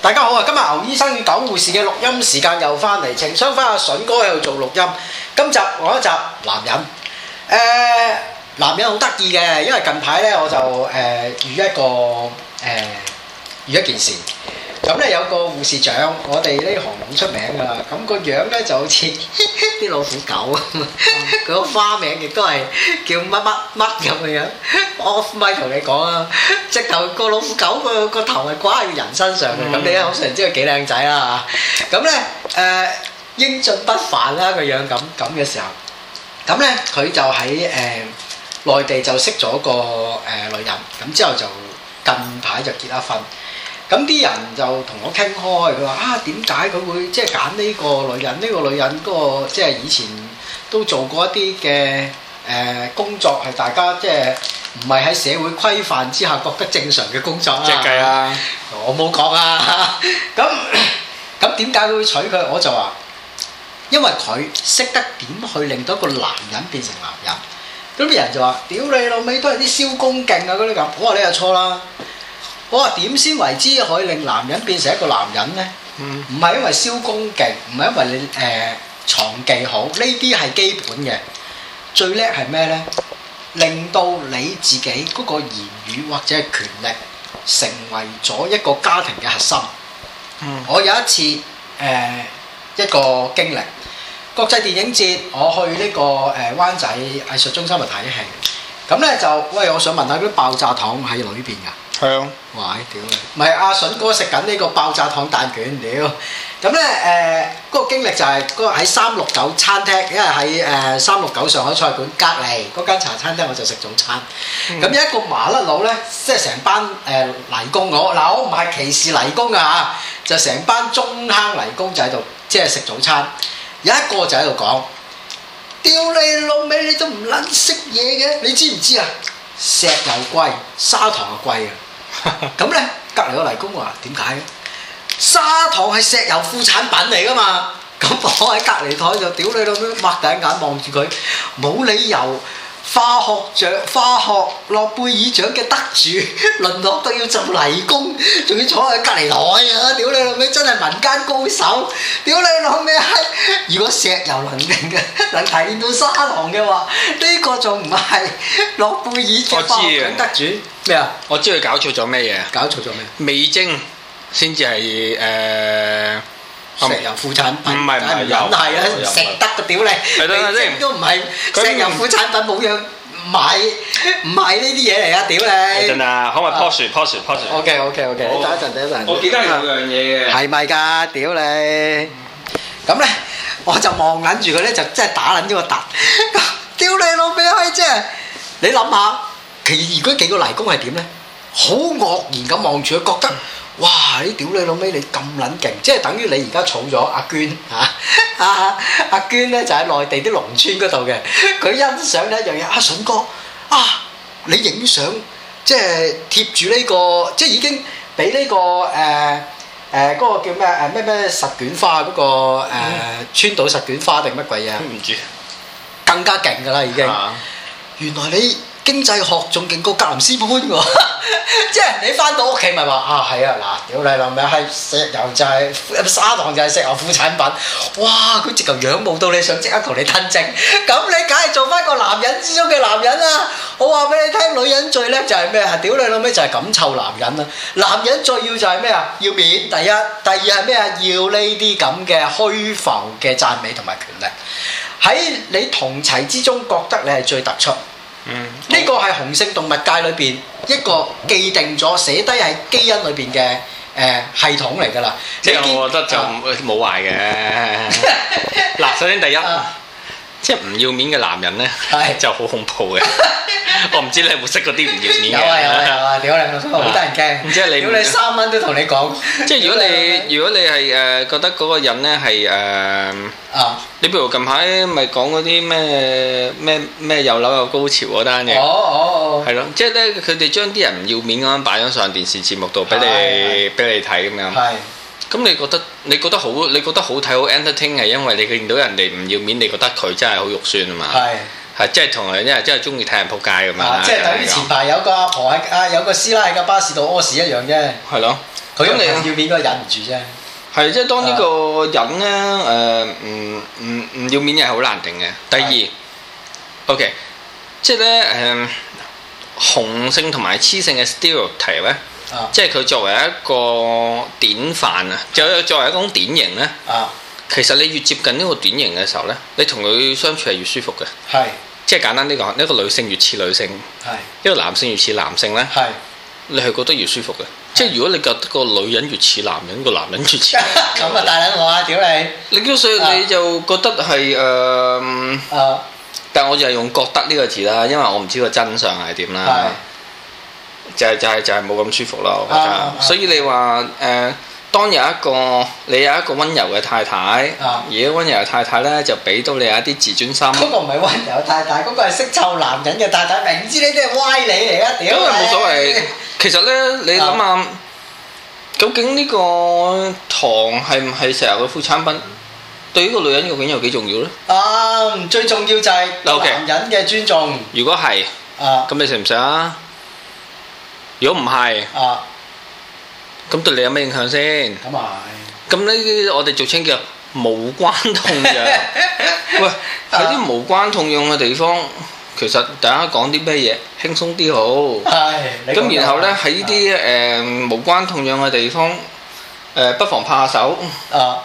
大家好啊！今日牛醫生與狗護士嘅錄音時間又翻嚟，請收翻阿、啊、筍哥喺度做錄音。今集我一集男人，誒、呃、男人好得意嘅，因為近排呢，我就誒遇、呃、一個誒遇、呃、一件事。咁咧、嗯、有個護士長，我哋呢行好出名㗎啦。咁個樣咧就好似啲 老虎狗咁，佢個、嗯、花名亦都係叫乜乜乜咁嘅樣。我咪同你講啊，直頭個老虎狗個個頭係掛喺人身上嘅。咁、嗯、你一睇就知佢幾靚仔啦。咁咧誒英俊、嗯嗯嗯、英俊不凡啦個樣咁咁嘅時候，咁咧佢就喺誒、呃、內地就識咗個誒、呃、女人，咁之後就近排就結咗婚。咁啲人就同我傾開，佢話啊點解佢會即係揀呢個女人？呢、這個女人嗰、那個即係以前都做過一啲嘅誒工作，係大家即係唔係喺社會規範之下覺得正常嘅工作即是啊？即係啊，我冇講啊。咁咁點解佢會娶佢？我就話因為佢識得點去令到一個男人變成男人。咁啲人就話：屌、哎、你老味，都係啲簫功勁啊！嗰啲咁，我話你又錯啦。我話點先為之可以令男人變成一個男人呢？唔係、嗯、因為燒功勁，唔係因為你誒牀技好，呢啲係基本嘅。最叻係咩呢？令到你自己嗰個言語或者係權力成為咗一個家庭嘅核心。嗯、我有一次誒、呃、一個經歷，國際電影節，我去呢、這個誒、呃、灣仔藝術中心嚟睇戲。咁咧就喂，我想問下，嗰啲爆炸糖喺裏邊㗎？香，咯，屌啊！唔係阿筍哥食緊呢個爆炸糖蛋卷，屌、啊！咁咧誒，嗰個經歷就係、是、嗰、那個喺三六九餐廳，因為喺誒三六九上海菜館隔離嗰間茶餐廳，我就食早餐。咁、嗯、有一個麻甩佬咧，即係成班誒泥工我，嗱我唔係歧視泥工噶嚇，就成班中坑泥工就喺度即係食早餐。有一個就喺度講，屌你老味，你都唔撚食嘢嘅，你知唔知啊？石油貴，砂糖又貴啊！咁呢，隔籬個泥工話點解嘅？砂糖係石油副產品嚟噶嘛。咁 我喺隔籬台就屌你老母，擘大眼望住佢，冇理由。化學獎、化學諾貝爾獎嘅得主，淪落都要做泥工，仲要坐喺隔籬台啊！屌你老味，真係民間高手！屌你老味，閪！如果石油能嘅，能提煉到砂糖嘅話，呢、這個仲唔係諾貝爾獎得主？咩啊？我知佢麼搞錯咗咩嘢？搞錯咗咩？味精先至係誒。呃石油副產品唔係唔係，梗係啦，食得個屌你，你都唔係石油副產品冇用，買唔係呢啲嘢嚟啊屌你！係真啊，可唔可以樖樹樖樹樖樹？OK OK OK，等一陣等一陣。我記得兩樣嘢嘅。係咪㗎屌你！咁咧，我就望緊住佢咧，就真係打撚咗個突，屌你老味閪即係！你諗下，其如果幾個泥工係點咧？好愕然咁望住佢，覺得哇！你屌你老味，你咁撚勁，即係等於你而家儲咗阿娟嚇啊，啊！阿娟咧就喺、是、內地啲農村嗰度嘅，佢欣賞咧樣嘢。阿、啊、筍哥啊！你影相即係貼住呢個，即係已經俾呢、這個誒誒嗰個叫咩誒咩咩十卷花嗰個川島十卷花定乜鬼嘢？唔住，更加勁噶啦，已經。啊、原來你。經濟學仲勁過格林斯潘喎， 即、啊、係你翻到屋企咪話啊係啊嗱，屌你老味係石油就係、是、砂糖就係石油副產品，哇佢直頭仰慕到你想即刻同你吞精，咁你梗係做翻個男人之中嘅男人啦、啊。我話俾你聽，女人最叻就係咩？係屌你老味就係、是、咁臭男人啦。男人最要就係咩啊？要面第一，第二係咩啊？要呢啲咁嘅虛浮嘅讚美同埋權力，喺你同儕之中覺得你係最突出。嗯，呢個係紅色動物界裏邊一個既定咗寫低喺基因裏邊嘅誒系統嚟㗎啦，即係我覺得就冇壞嘅。嗱，首先第一。啊即係唔要面嘅男人咧，就好恐怖嘅。我唔知你會識嗰啲唔要面嘅。有啊有啊屌你老母！好得人驚。唔知你？屌你三蚊都同你講。即係如果你如果你係誒覺得嗰個人咧係誒啊！你譬如近排咪講嗰啲咩咩咩有樓有高潮嗰單嘢。哦哦哦。係咯，即係咧，佢哋將啲人唔要面咁樣擺咗上電視節目度，俾你俾你睇咁樣。係。咁你覺得你覺得好你覺得好睇好 entertaining 係因為你見到人哋唔要面，你覺得佢真係好肉酸啊嘛，係係，即係同人，因為真係中意睇人仆街㗎嘛，即係、就是、等於前排有個阿婆喺的啊有個師奶喺個巴士度屙屎一樣啫，係咯，佢咁你唔要面，都忍唔住啫，係即係當呢個人咧誒唔唔唔要面係好難定嘅。第二的 OK 即係咧誒雄性同埋雌性嘅 stereotype 咧。即係佢作為一個典範啊，就作為一種典型呢，啊，其實你越接近呢個典型嘅時候呢，你同佢相處係越舒服嘅。係，即係簡單啲講，一個女性越似女性，係一個男性越似男性呢，係，你係覺得越舒服嘅。即係如果你覺得個女人越似男人，個男人越似，咁啊大捻我啊屌你！咁所以你就覺得係誒，但係我就係用覺得呢個字啦，因為我唔知個真相係點啦。就係、是、就係、是、就係冇咁舒服咯，我覺得，所以你話誒、呃，當有一個你有一個温柔嘅太太，uh, 而個温柔嘅太太咧就俾到你有一啲自尊心。嗰個唔係温柔太太，嗰、那個係識湊男人嘅太太，明知你啲係歪理嚟冇所謂，欸、其實咧，你諗下，uh, 究竟呢個糖係唔係成日個副產品？對一個女人究竟有幾重要咧？啊，uh, 最重要就係、那個、男人嘅尊重。Okay、如果係啊，咁你食唔食啊？如果唔係，啊，咁對你有咩影響先？咁啊，咁呢啲我哋俗稱叫無關痛癢。喂，喺啲無關痛癢嘅地方，其實大家講啲咩嘢輕鬆啲好。係。咁然後咧喺啲誒無關痛癢嘅地方，誒不妨拍下手。啊。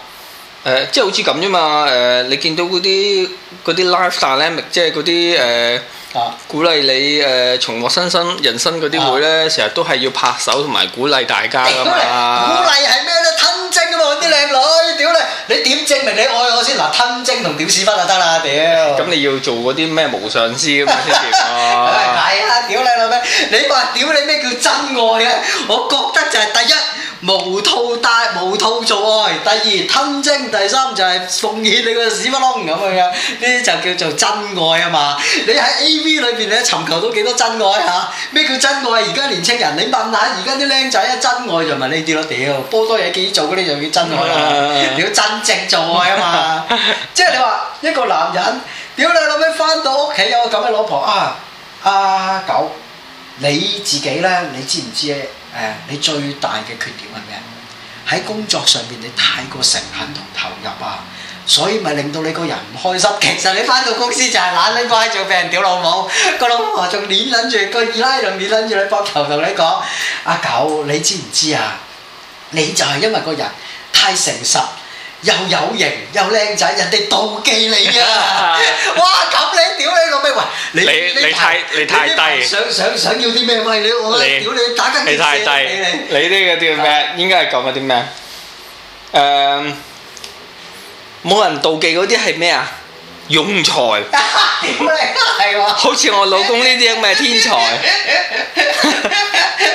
誒，即係好似咁啫嘛。誒，你見到嗰啲嗰啲 lifestyle，即係嗰啲誒。啊、鼓勵你誒、呃，從我新生，生人生嗰啲會咧，成日都係要拍手同埋鼓勵大家噶嘛、哎。鼓勵係咩咧？吞精啊嘛！嗰啲靚女，屌你！你點證明你愛我先嗱？吞精同屌屎忽就得啦！屌。咁、嗯、你要做嗰啲咩無上師咁先掂啊？係啊！ 屌你老味，你話屌你咩叫真愛啊？我覺得就係第一。無套戴無套做愛，第二吞精，第三就係、是、奉獻你個屎窟窿咁樣，呢啲就叫做真愛啊嘛！你喺 A V 裏邊你尋求到幾多真愛嚇？咩、啊、叫真愛？而家年青人，你問下而家啲靚仔啊，真愛就唔係呢啲咯，屌波多嘢幾做嗰啲就叫「真愛啦，屌 真正做愛啊嘛！ 即係你話一個男人，屌你諗起翻到屋企有個咁嘅老婆啊啊，啊狗！你自己咧，你知唔知誒、呃？你最大嘅缺點係咩？喺工作上面，你太過誠懇同投入啊，所以咪令到你個人唔開心。其實你翻到公司就係懶懶乖，住俾人屌老母，個老母仲捏撚住個耳仔仲捏撚住你膊頭同你講：阿、啊、狗，你知唔知啊？你就係因為個人太誠實。又有型又靚仔，人哋妒忌你啊！哇！咁你屌你個咩，喂！你你太你太低，想想想要啲咩喂？你我屌你，打得你太低。你呢個叫咩？應該係講緊啲咩？誒，冇人妒忌嗰啲係咩啊？庸才。屌你都係喎。好似我老公呢啲咩天才？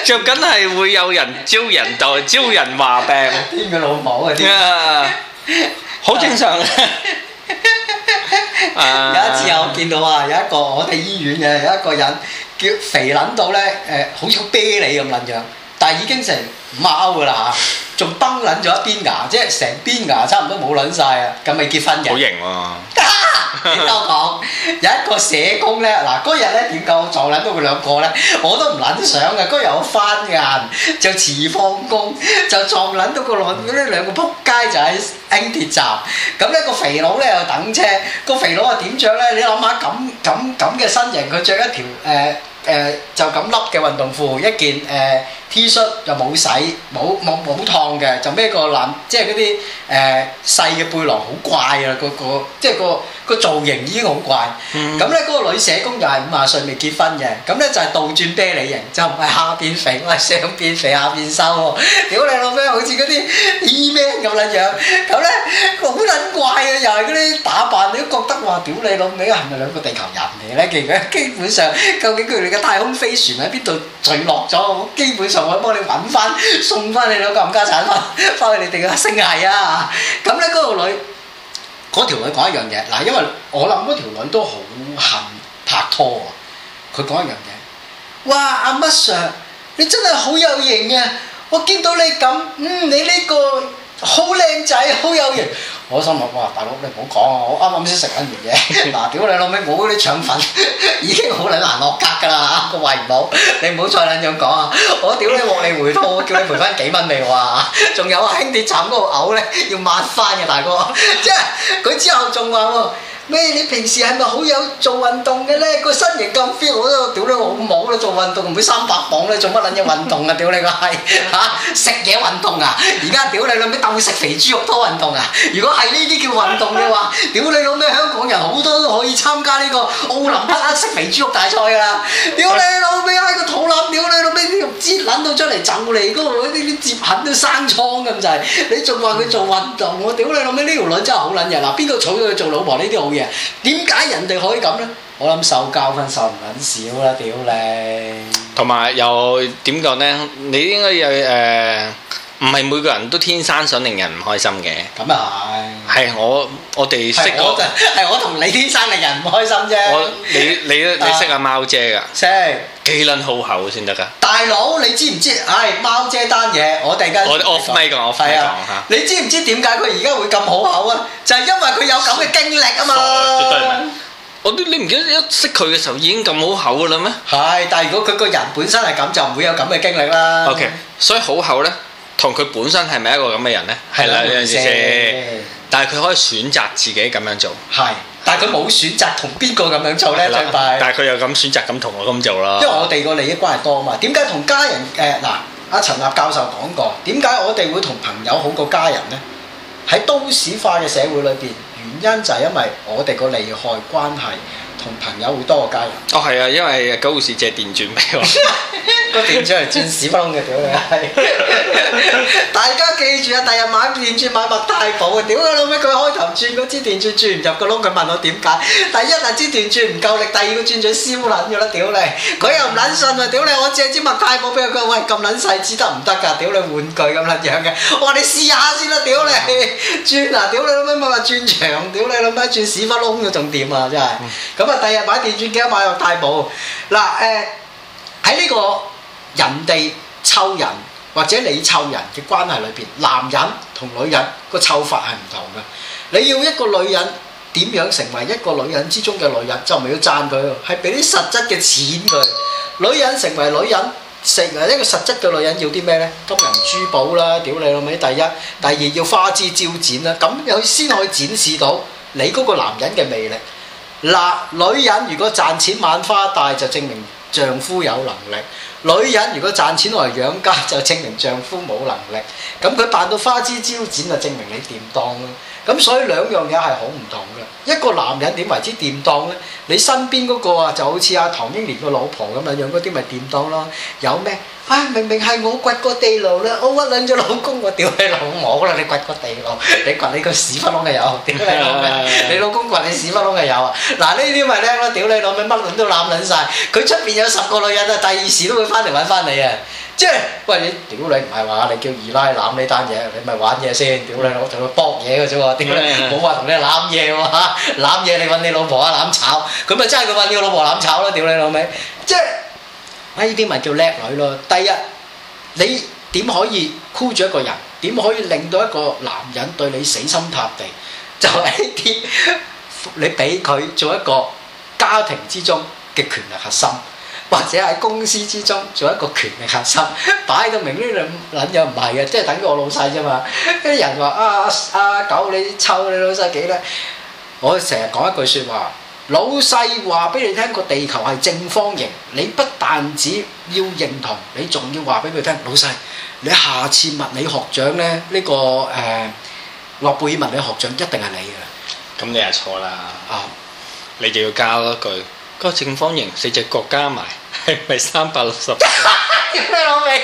就梗係會有人招人妒，招人話病。啲咩老母啊！好 正常啊 有一次我見到啊，有一個我哋醫院嘅有一個人叫肥捻到咧，誒好似個啤梨咁樣。已經成貓嘅啦，仲崩撚咗一邊牙，即係成邊牙差唔多冇撚晒啊！咁未結婚嘅，好型帥喎、啊。 你聽我講有一個社工咧？嗱，嗰日咧點夠撞撚到佢兩個咧？我都唔撚想嘅。嗰日我翻晏，就遲放工，就撞撚到個撚呢兩個仆街 就喺輕鐵站。咁、那、咧個肥佬咧又等車，那個肥佬又點着咧？你諗下咁咁咁嘅身形，佢着一條誒誒、呃呃、就咁笠嘅運動褲一件誒。呃呃 T 恤又冇洗，冇冇冇燙嘅，就咩個撚，即係嗰啲誒細嘅背囊好怪啊！個個，即係個個造型已經好怪。咁咧、嗯嗰個女社工又係五廿歲未結婚嘅，咁咧就係、是、倒轉啤梨型，就唔係下邊肥，我係上邊肥下邊瘦屌你老咩，老好似嗰啲 Eman 咁撚樣，咁咧好捻怪啊！又係嗰啲打扮，你都覺得話屌老你老味，係咪兩個地球人嚟嘅咧？其實基本上，究竟佢哋嘅太空飛船喺邊度墜落咗？基本上。就我幫你揾翻，送翻你兩個冚家產翻，翻去你哋嘅姓黎啊！咁咧，嗰、嗰個女，嗰條女講一樣嘢，嗱，因為我諗嗰條女都好恨拍拖啊！佢講一樣嘢，哇！阿乜 Sir，你真係好有型啊！我見到你咁，嗯，你呢、呢個。好靚仔，好有型。 我心諗，我話大佬你唔好講啊！我啱啱先食緊完嘢，嗱屌你老味！冇嗰啲腸粉已經好鬼難落格㗎啦，個胃唔好，你唔好再撚樣講啊！我屌你獲利回報，我叫你賠翻幾蚊俾我啊！仲有啊，兄弟慘嗰個嘔咧，要抹翻嘅大哥，即係佢之後仲話喎。咩？你平時係咪好有做運動嘅呢？個身形咁 feel，我都屌你老母啦！做運動唔會三百磅咧，做乜撚嘢運動啊？屌你個閪嚇！食嘢運動啊！而家屌你老味鬥食肥豬肉多運動啊！如果係呢啲叫運動嘅話，屌你老味香港人好多都可以參加呢個奧林匹克食肥豬肉大賽㗎喇！屌你老味喺個肚腩，屌你老味啲肉脂攆到出嚟就嚟，嗰個啲啲接痕都生瘡咁滯，你仲話佢做運動？我屌你老味呢條女真係好撚人啊！邊個娶咗佢做老婆呢啲好點解人哋可以咁呢？我諗受教訓受唔撚少啦，屌你！同埋又點講呢？你應該有誒。呃唔係每個人都天生想令人唔開心嘅。咁啊係。係我我哋識嗰、那個。係我同你天生令人唔開心啫。我你你你識阿貓姐噶？識、啊。幾撚好厚先得噶？大佬你知唔知？唉、哎，貓姐單嘢我哋突然間。我，我說 off mic 我快啊你知唔知點解佢而家會咁好厚啊？就係、是、因為佢有咁嘅經歷啊嘛。我你你唔記得一識佢嘅時候已經咁好厚嘅啦咩？係、哎，但係如果佢個人本身係咁，就唔會有咁嘅經歷啦。OK，所以好厚咧。同佢本身係咪一個咁嘅人呢？係啦的，有陣時但係佢可以選擇自己咁樣做的。係，但係佢冇選擇同邊個咁樣做呢？的是但係佢又咁選擇咁同我咁做啦。因為我哋個利益關係多啊嘛。點解同家人？誒、呃、嗱，阿、啊、陳立教授講過，點解我哋會同朋友好過家人呢？喺都市化嘅社會裏邊，原因就係因為我哋個利害關係同朋友會多過家人。哦，係啊，因為九護士借電轉俾我。 個電鑽係轉屎窟窿嘅，屌你！係，大家記住啊，第日買電鑽買麥太保嘅，屌你老味！佢開頭轉嗰支電鑽轉唔入個窿，佢問我點解？第一啊，支電鑽唔夠力；第二，佢轉轉燒卵咗啦，屌你！佢又唔卵信啊，屌你！我借支麥太保俾佢，喂，咁卵細支得唔得噶？屌你，玩具咁卵樣嘅！我話你試下先啦，屌你！轉嗱，屌你老味冇話轉牆，屌你老味轉屎窟窿嗰重點啊！真係咁啊！第日買電鑽，記得買麥太保。嗱，誒，喺呢個。人哋湊人或者你湊人嘅關係裏邊，男人同女人個湊法係唔同嘅。你要一個女人點樣成為一個女人之中嘅女人，就唔要讚佢，係俾啲實質嘅錢佢。女人成為女人，成為一個實質嘅女人，要啲咩呢？金銀珠寶啦，屌你老味！第一，第二要花枝招展啦，咁又先可以展示到你嗰個男人嘅魅力。嗱、呃，女人如果賺錢猛花大，就證明丈夫有能力。女人如果賺錢來養家，就證明丈夫冇能力。咁佢扮到花枝招展，就證明你掂當咯。咁所以兩樣嘢係好唔同嘅，一個男人點為之掂當咧？你身邊嗰個啊，就好似阿唐英年個老婆咁啊，樣嗰啲咪掂當咯。有咩？啊、哎，明明係我掘個地牢啦，我屈撚咗老公，我屌你老母啦！你掘個地牢，你掘你個屎窟窿嘅有，屌你老味！你老公掘你屎窟窿嘅有啊！嗱，呢啲咪叻咯，屌你老味，乜卵 都攬卵晒！佢出面有十個女人啊，第二時都會翻嚟揾翻你啊！即係，喂，你屌你唔係話你叫二奶攬呢單嘢，你咪玩嘢先，屌你老、啊！我同佢搏嘢嘅啫喎，點解冇話同你攬嘢喎，攬嘢你揾你老婆啊攬炒，咁咪真係佢揾你老婆攬炒咯，屌、啊、你老味！即、就、係、是，呢啲咪叫叻女咯。第一，你點可以箍住一個人？點可以令到一個男人對你死心塌地？就係呢啲，你俾佢做一個家庭之中嘅權力核心。或者喺公司之中做一個權力核心， 擺到明呢兩撚又唔係嘅，即係等於我老細啫嘛。啲 人話啊啊，搞、啊、你湊你老細幾叻！我成日講一句説話，老細話俾你聽個地球係正方形，你不但止要認同，你仲要話俾佢聽，老細，你下次物理學長咧呢、呢個誒、呃、諾貝爾物理學獎一定係你嘅。咁你係錯啦，啊、你就要加一句，個正方形四隻角加埋。係咪三百六十？你老味，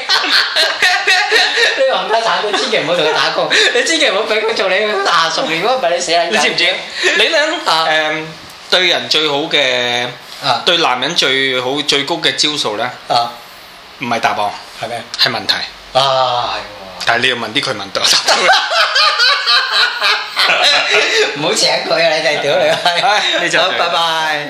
你話唔得閑，你千祈唔好同佢打工，你千祈唔好俾佢做你嘅下屬，如果唔係你死係。你知唔知？你諗吓誒對人最好嘅，對男人最好最高嘅招數咧，唔係答案，係咩？係問題。啊，係喎。但係你要問啲佢問到，唔好請佢啊！你哋屌你閪，就拜拜。